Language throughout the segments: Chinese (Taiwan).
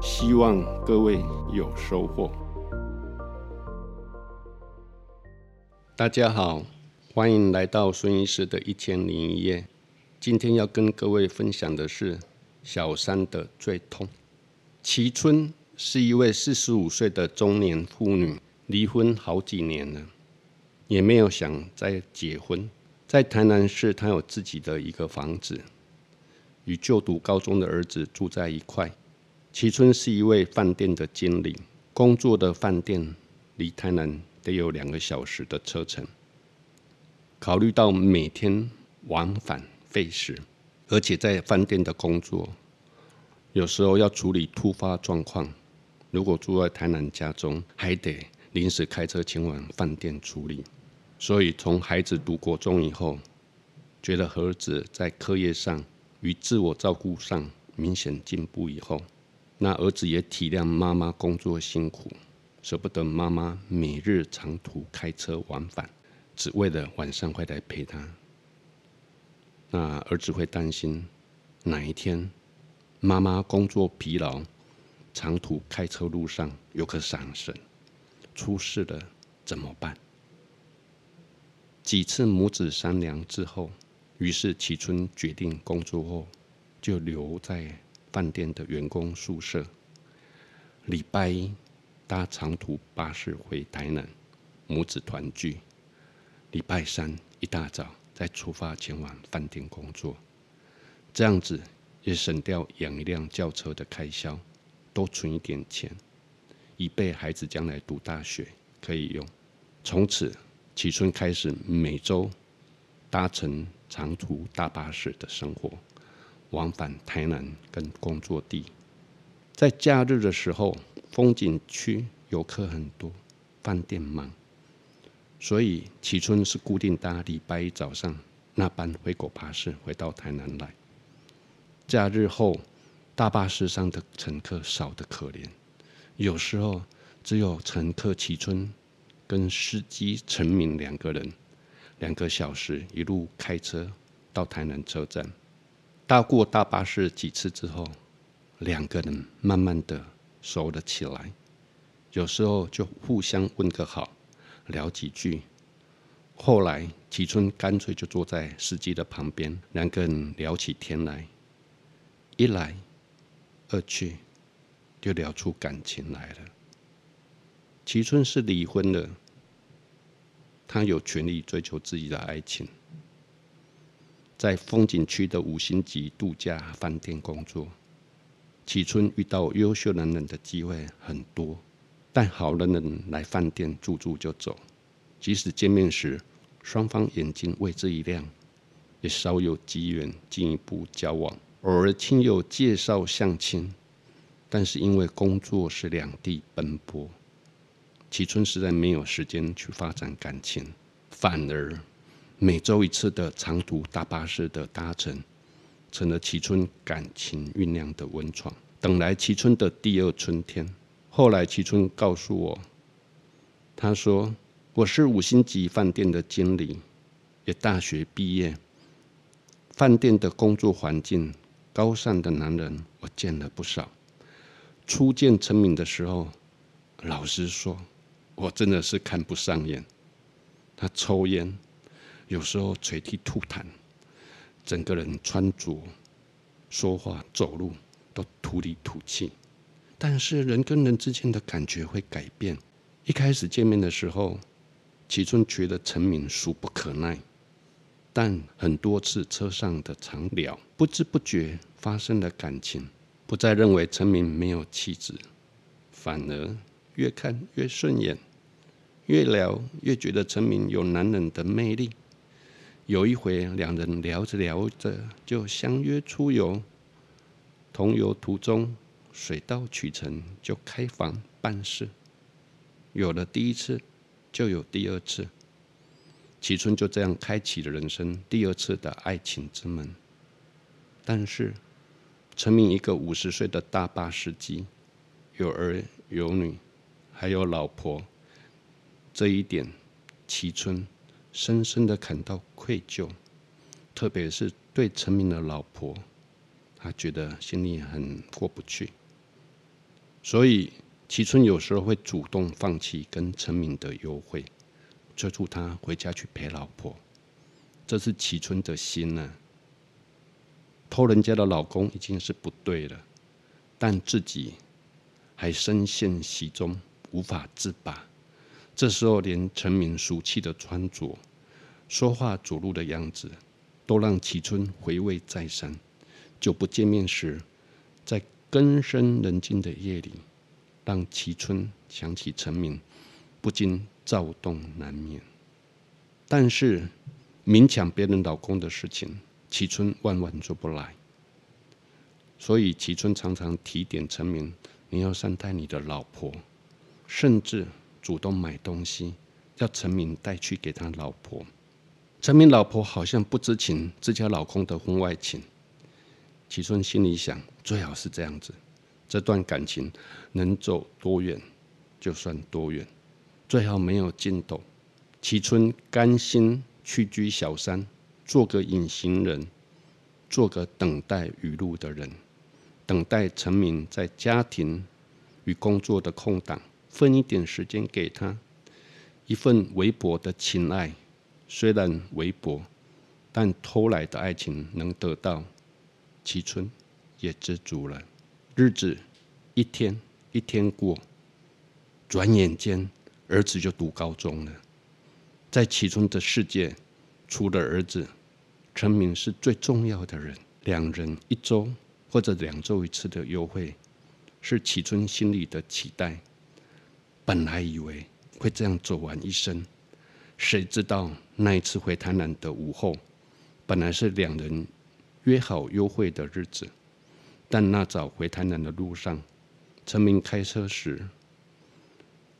希望各位有收穫。大家好，歡迎來到孫醫師的《一千零一夜》。今天要跟各位分享的是小三的最痛。齊春是一位四十五歲的中年婦女，離婚好幾年了，也沒有想再結婚。在台南市，她有自己的一個房子，與就讀高中的兒子住在一塊。齊春是一位飯店的經理，工作的飯店離台南得有兩個小時的車程。考慮到每天往返費時，而且在飯店的工作有時候要處理突發狀況，如果住在台南家中，還得臨時開車前往飯店處理。所以，從孩子讀國中以後，覺得兒子在課業上與自我照顧上明顯進步以後。那兒子也體諒媽媽工作辛苦，捨不得媽媽每日長途開車往返，只為了晚上回來陪她。那兒子會擔心，哪一天媽媽工作疲勞，長途開車路上有個閃神，出事了怎麼辦？幾次母子商量之後，於是齊春決定工作後就留在。飯店的員工宿舍。禮拜一搭長途巴士回台南，母子團聚。禮拜三一大早再出發前往飯店工作，這樣子也省掉養一輛轎，轎車的開銷，多存一點錢，以備孩子將來讀大學可以用。從此，齊春開始每週搭乘長途大巴士的生活。往返台南跟工作地，在假日的時候，風景區遊客很多，飯店忙，所以齊春是固定搭禮拜一早上那班回果巴士回到台南來。假日後，大巴士上的乘客少得可憐，有時候只有乘客齊春跟司機陳明兩個人，兩個小時一路開車到台南車站。搭過大巴士幾次之後，兩個人慢慢的熟了起來，有時候就互相問個好，聊幾句。後來，齊春乾脆就坐在司機的旁邊，兩個人聊起天來。一來二去，就聊出感情來了。齊春是離婚的，他有權利追求自己的愛情。在風景區的五星級度假飯店工作，齊春遇到優秀男人，人的機會很多，但好男人來飯店住住就走，即使見面時雙方眼睛為之一亮，也少有機緣進一步交往。偶爾親友介紹相親，但是因為工作是兩地奔波，齊春實在沒有時間去發展感情，反而。每週一次的長途大巴士的搭乘，成了齊春感情醞釀的溫床。等來齊春的第二春天，後來齊春告訴我，他說：“我是五星級飯店的經理，也大學畢業。飯店的工作環境，高尚的男人我見了不少。初見陳敏的時候，老實說，我真的是看不上眼。他抽煙。”有時候垂涕吐痰，整個人穿着、說話、走路都土裡土氣。但是人跟人之間的感覺會改變。一開始見面的時候，齊春覺得陳明俗不可耐，但很多次車上的長聊，不知不覺發生了感情，不再認為陳明沒有氣質，反而越看越順眼，越聊越覺得陳明有男人的魅力。有一回，兩人聊着聊着就相約出遊。同遊途中，水到渠成，就開房辦事。有了第一次，就有第二次。齊春就這樣開啟了人生第二次的愛情之門。但是，成名一個五十歲的大巴司機，有兒有女，還有老婆，這一點，齊春。深深的感到愧疚，特別是對陳敏的老婆，他覺得心裡很過不去。所以齊春有時候會主動放棄跟陳敏的約會，催促她回家去陪老婆。這是齊春的心呢、啊。偷人家的老公已經是不對了，但自己還深陷其中無法自拔。這時候，連陳敏俗氣的穿着。說話走路的樣子，都讓齊春回味再三。久不見面時，在更深人靜的夜裡，讓齊春想起陳明，不禁躁動難免。但是，明搶別人老公的事情，齊春萬萬做不來。所以，齊春常常提點陳明：“你要善待你的老婆。”甚至主動買東西，要陳明帶去給他老婆。陳明老婆好像不知情自家老公的婚外情，齊春心裡想：最好是這樣子，這段感情能走多遠就算多遠，最好沒有盡頭。齊春甘心屈居小三，做個隱形人，做個等待雨露的人，等待陳明在家庭與工作的空檔分一點時間給他一份微薄的情愛。雖然微薄，但偷來的愛情能得到齊春，也知足了。日子一天一天過，轉眼間兒子就讀高中了。在齊春的世界，除了兒子，陳明是最重要的人。兩人一周或者兩周一次的幽會，是齊春心裡的期待。本來以為會這樣走完一生，誰知道？那一次回台南的午後，本來是兩人約好幽會的日子，但那早回台南的路上，陳明開車時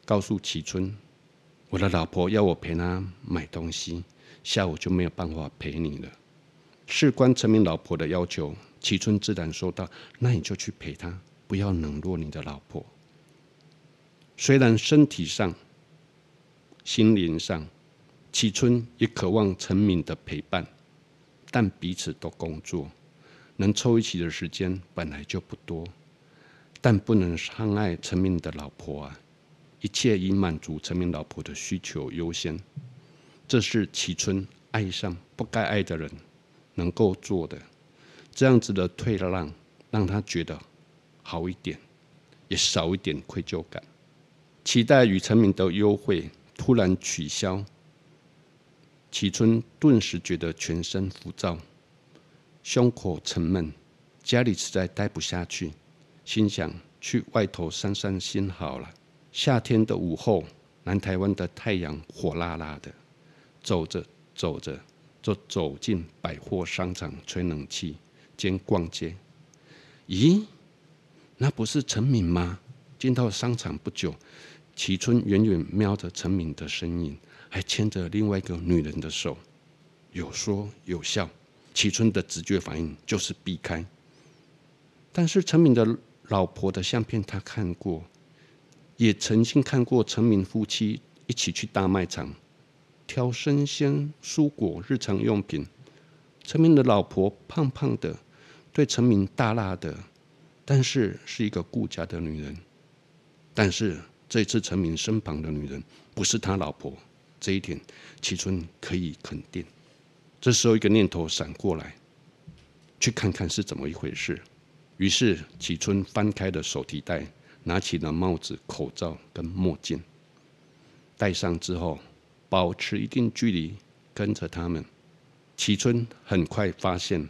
告訴齊春：“我的老婆要我陪她買東西，下午就沒有辦法陪你了。”事關陳明老婆的要求，齊春自然說道：“那你就去陪她，不要冷落你的老婆。”雖然身體上、心靈上。齊春也渴望陳敏的陪伴，但彼此都工作，能湊一起的時間本來就不多，但不能傷害陳敏的老婆啊！一切以滿足陳敏老婆的需求優先，這是齊春愛上不該愛的人能夠做的，這樣子的退讓，讓他覺得好一點，也少一點愧疚感，期待與陳敏的幽會突然取消。齊春頓時覺得全身浮躁，胸口沉悶，家裡實在待不下去，心想去外頭散散心好了。夏天的午後，南台灣的太陽火辣辣的，走着走着就走進百貨商場吹冷氣兼逛街。咦，那不是陳敏嗎？進到商場不久。齊春遠遠瞄着陳敏的身影，還牽着另外一個女人的手，有說有笑。齊春的直覺反應就是避開，但是陳敏的老婆的相片他看過，也曾經看過陳敏夫妻一起去大賣場，挑生鮮、蔬果、日常用品。陳敏的老婆胖胖的，對陳敏大辣的，但是是一個顧家的女人，但是。這一次陳明身旁的女人不是他老婆，這一點齊春可以肯定。這時候一個念頭閃過來，去看看是怎麼一回事。於是齊春翻開了手提袋，拿起了帽子、口罩跟墨鏡，戴上之後，保持一定距離跟着他們。齊春很快發現，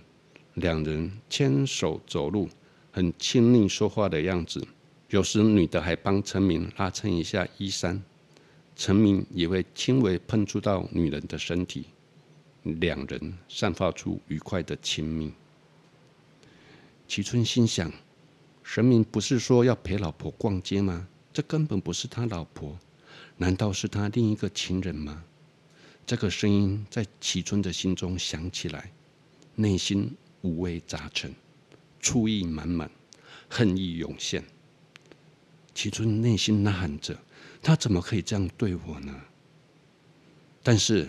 兩人牽手走路，很親密說話的樣子。有時女的還幫陳明拉抻一下衣衫，陳明也會輕微碰觸到女人的身體，兩人散發出愉快的親密。齊春心想：神明不是說要陪老婆逛街嗎？這根本不是他老婆，難道是他另一個情人嗎？這個聲音在齊春的心中響起來，內心五味雜陳，醋意滿滿，恨意湧現。齊春內心吶喊着：“他怎麼可以這樣對我呢？”但是，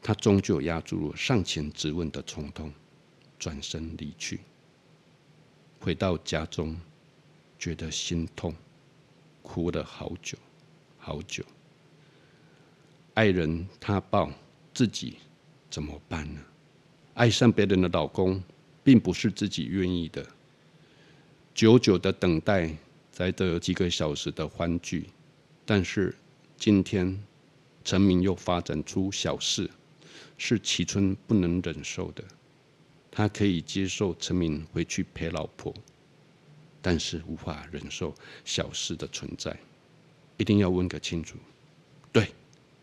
他終究壓住了上前質問的衝動，轉身離去。回到家中，覺得心痛，哭了好久，好久。愛人他抱自己，怎麼辦呢？愛上別人的老公，並不是自己願意的。久久的等待。在這幾個小時的歡聚，但是今天陳明又發展出小四，是齊春不能忍受的。他可以接受陳明回去陪老婆，但是無法忍受小四的存在。一定要問個清楚。對，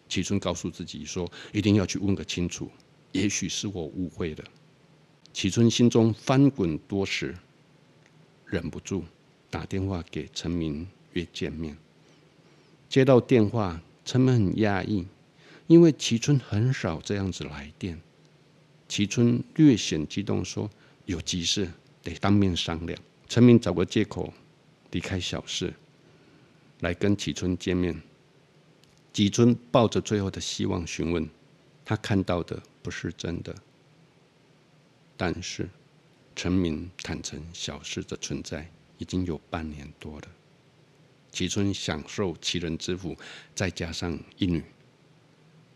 齊春告訴自己說，一定要去問個清楚。也許是我誤會了。齊春心中翻滾多時，忍不住。打電話給陳明約見面。接到電話，陳明很壓抑，因為齊春很少這樣子來電。齊春略顯激動說：“有急事，得當面商量。”陳明找個借口離開小四，來跟齊春見面。齊春抱着最後的希望詢問：“他看到的不是真的？”但是，陳明坦承小四的存在。已經有半年多了，齊春享受齊人之福，再加上一女。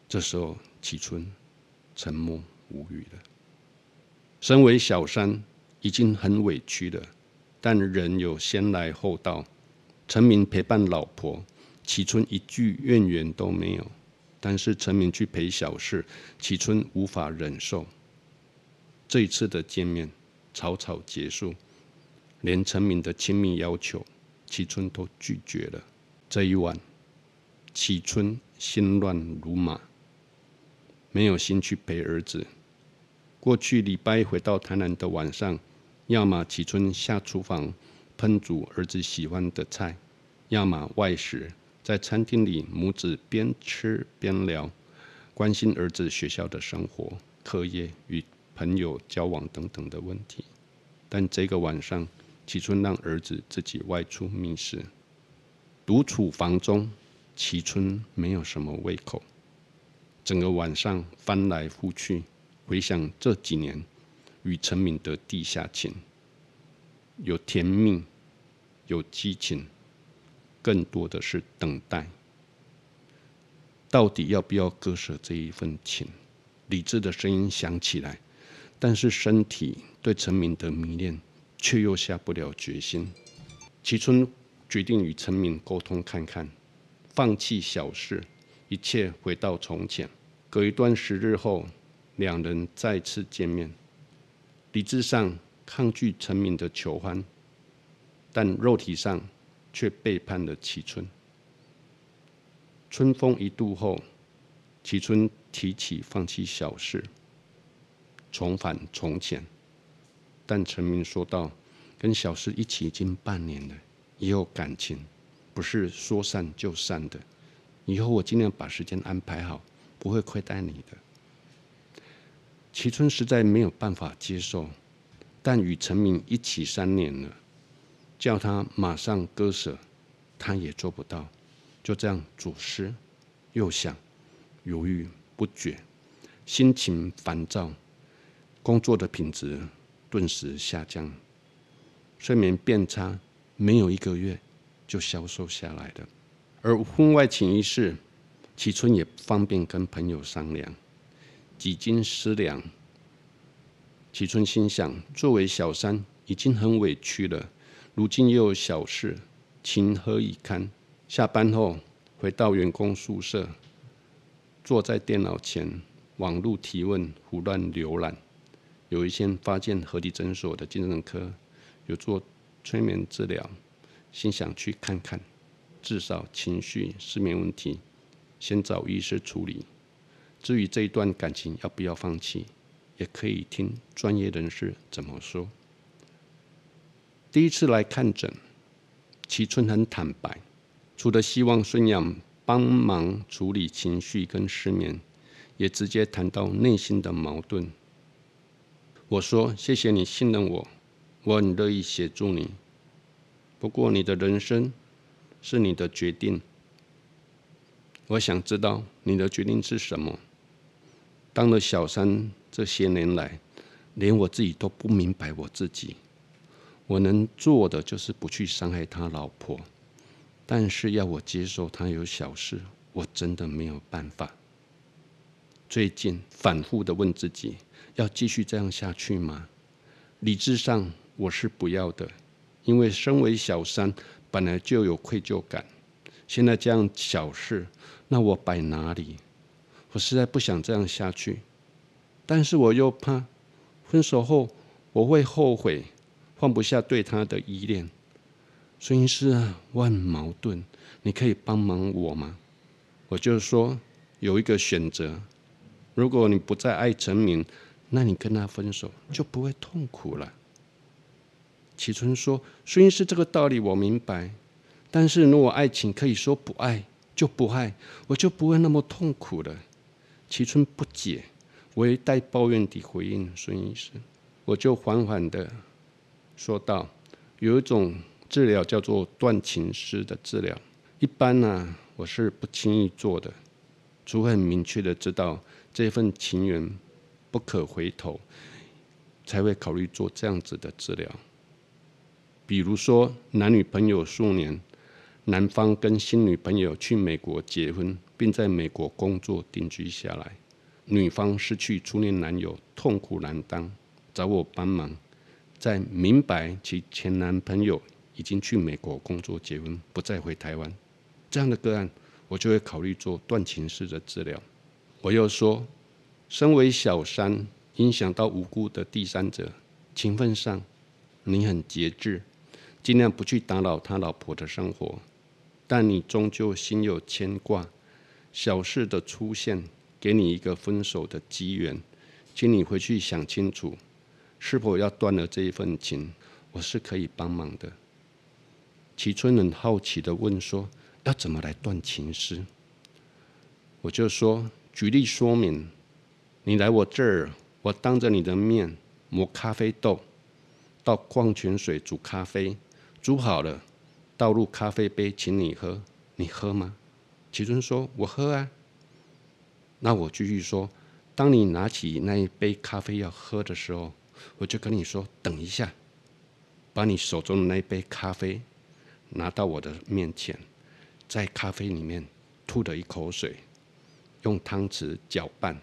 這時候，齊春沉默無語了。身為小三，已經很委屈了，但人有先來後到。陳明陪伴老婆，齊春一句怨言都沒有。但是陳明去陪小四，齊春無法忍受。這一次的見面，草草結束。連陳敏的親密要求，齊春都拒絕了。這一晚，齊春心亂如麻，沒有心去陪兒子。過去禮拜一回到台南的晚上，要麼齊春下廚房烹煮兒子喜歡的菜，要麼外食在餐廳裡，母子邊吃邊聊，關心兒子學校的生活、課業與朋友交往等等的問題。但這個晚上，齊春讓兒子自己外出覓食，獨處房中。齊春沒有什麼胃口，整個晚上翻來覆去，回想這幾年與陳敏德地下情，有甜蜜，有激情，更多的是等待。到底要不要割捨這一份情？理智的聲音響起來，但是身體對陳敏德迷戀。卻又下不了決心，齊春決定與陳敏溝通看看，放棄小四，一切回到從前。隔一段時日後，兩人再次見面，理智上抗拒陳敏的求歡，但肉體上卻背叛了齊春。春風一度後，齊春提起放棄小四，重返從前。但陳明說道：“跟小詩一起已經半年了，也有感情，不是說散就散的。以後我盡量把時間安排好，不會虧待你的。”齊春實在沒有辦法接受，但與陳明一起三年了，叫他馬上割舍，他也做不到。就這樣，左思右想，猶豫不決，心情煩躁，工作的品質。頓時下降，睡眠變差，沒有一個月就消瘦下來的。而婚外情一事，齊春也不方便跟朋友商量，幾經思量，齊春心想：作為小三，已經很委屈了，如今又有小四，情何以堪？下班後回到員工宿舍，坐在電腦前，網絡提問，胡亂瀏覽。有一些發現，河堤診所的精神科有做催眠治療，心想去看看，至少情緒失眠問題先找醫師處理。至於這一段感情要不要放棄，也可以聽專業人士怎麼說。第一次來看診，齊春很坦白，除了希望孫楊幫忙處理情緒跟失眠，也直接談到內心的矛盾。我說：“謝謝你信任我，我很樂意協助你。不過你的人生是你的決定，我想知道你的決定是什麼。當了小三這些年來，連我自己都不明白我自己。我能做的就是不去傷害他老婆，但是要我接受他有小四，我真的沒有辦法。”最近反覆地問自己：要繼續這樣下去嗎？理智上我是不要的，因為身為小三本來就有愧疚感，現在這樣小四，那我擺哪裡？我實在不想這樣下去，但是我又怕分手後我會後悔，放不下對他的依戀。所以是啊，我很矛盾，你可以幫忙我嗎？我就是說有一個選擇。如果你不再愛陳明，那你跟他分手就不會痛苦了。齊春說：“孫醫師，這個道理我明白，但是如果愛情可以說不愛就不愛，我就不會那麼痛苦了。”齊春不解，微帶抱怨地回應孫醫師：“我就緩緩的說道，有一種治療叫做斷情絲的治療，一般呢、啊，我是不輕易做的，除非很明確的知道。”這份情緣不可回頭，才會考慮做這樣子的治療。比如說，男女朋友數年，男方跟新女朋友去美國結婚，並在美國工作定居下來，女方失去初戀男友，痛苦難當，找我幫忙。在明白其前男朋友已經去美國工作結婚，不再回台灣，這樣的個案，我就會考慮做斷情式的治療。我又說，身為小三，影響到無辜的第三者，情分上，你很節制，儘量不去打擾他老婆的生活，但你終究心有牽掛，小四的出現，給你一個分手的機緣，請你回去想清楚，是否要斷了這一份情？我是可以幫忙的。齊春很好奇的問說：“要怎麼來斷情絲？”我就說。舉例說明，你來我這兒，我當着你的面磨咖啡豆，倒礦泉水煮咖啡，煮好了，倒入咖啡杯，請你喝，你喝嗎？齊春說：“我喝啊。”那我繼續說，當你拿起那一杯咖啡要喝的時候，我就跟你說：“等一下，把你手中的那一杯咖啡拿到我的面前，在咖啡裡面吐了一口水。”用湯匙攪拌，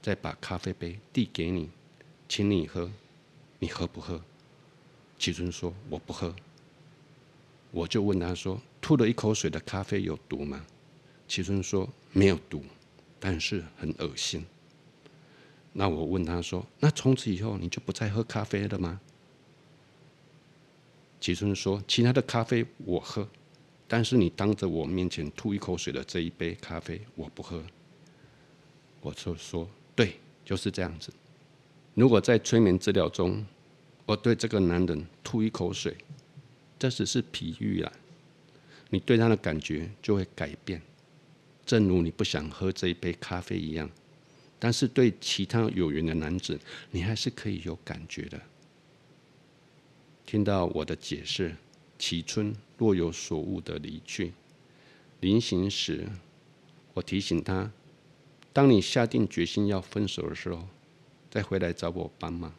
再把咖啡杯遞給你，請你喝。你喝不喝？齊春說：“我不喝。”我就問他說：“吐了一口水的咖啡有毒嗎？”齊春說：“沒有毒，但是很惡心。”那我問他說：“那從此以後你就不再喝咖啡了嗎？”齊春說：“其他的咖啡我喝，但是你當着我面前吐一口水的這一杯咖啡我不喝。”我就說，對，就是這樣子。如果在催眠治療中，我對這個男人吐一口水，這只是比喻了，你對他的感覺就會改變，正如你不想喝這一杯咖啡一樣。但是對其他有緣的男子，你還是可以有感覺的。聽到我的解釋，齊春若有所悟的離去。臨行時，我提醒他。當你下定決心要分手的時候，再回來找我幫忙，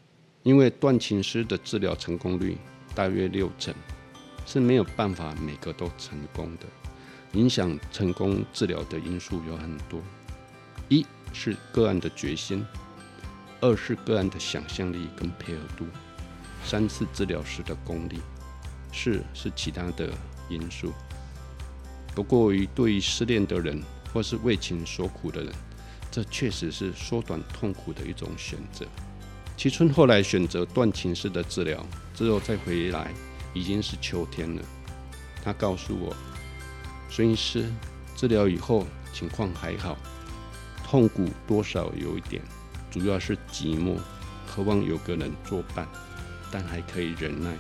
因為斷情絲的治療成功率大約六成，是沒有辦法每個都成功的。影響成功治療的因素有很多：一是個案的決心，二是個案的想象力跟配合度，三是治療師的功力，四是其他的因素。不過於對於失戀的人或是為情所苦的人，這確實是縮短痛苦的一種選擇。齊春後來選擇斷情絲的治療，之後再回來已經是秋天了。他告訴我，孫醫師治療以後情況還好，痛苦多少有一點，主要是寂寞，渴望有個人作伴，但還可以忍耐。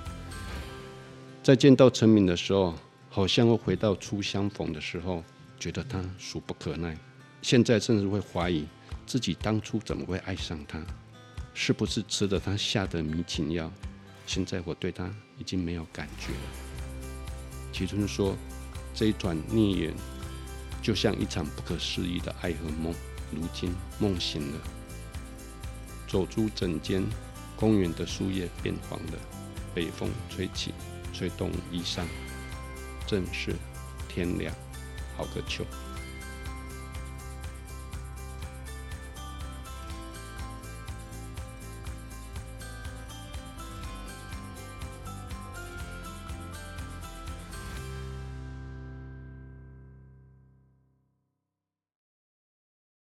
在見到陳敏的時候，好像又回到初相逢的時候，覺得他俗不可耐。現在甚至會懷疑自己當初怎麼會愛上他，是不是吃了他下的迷情藥？現在我對他已經沒有感覺了。齊春說：“這一轉孽緣就像一場不可思議的愛和夢，如今夢醒了。”走出整間公園的樹葉變黃了，北風吹起，吹動衣裳，正是天涼，好個秋。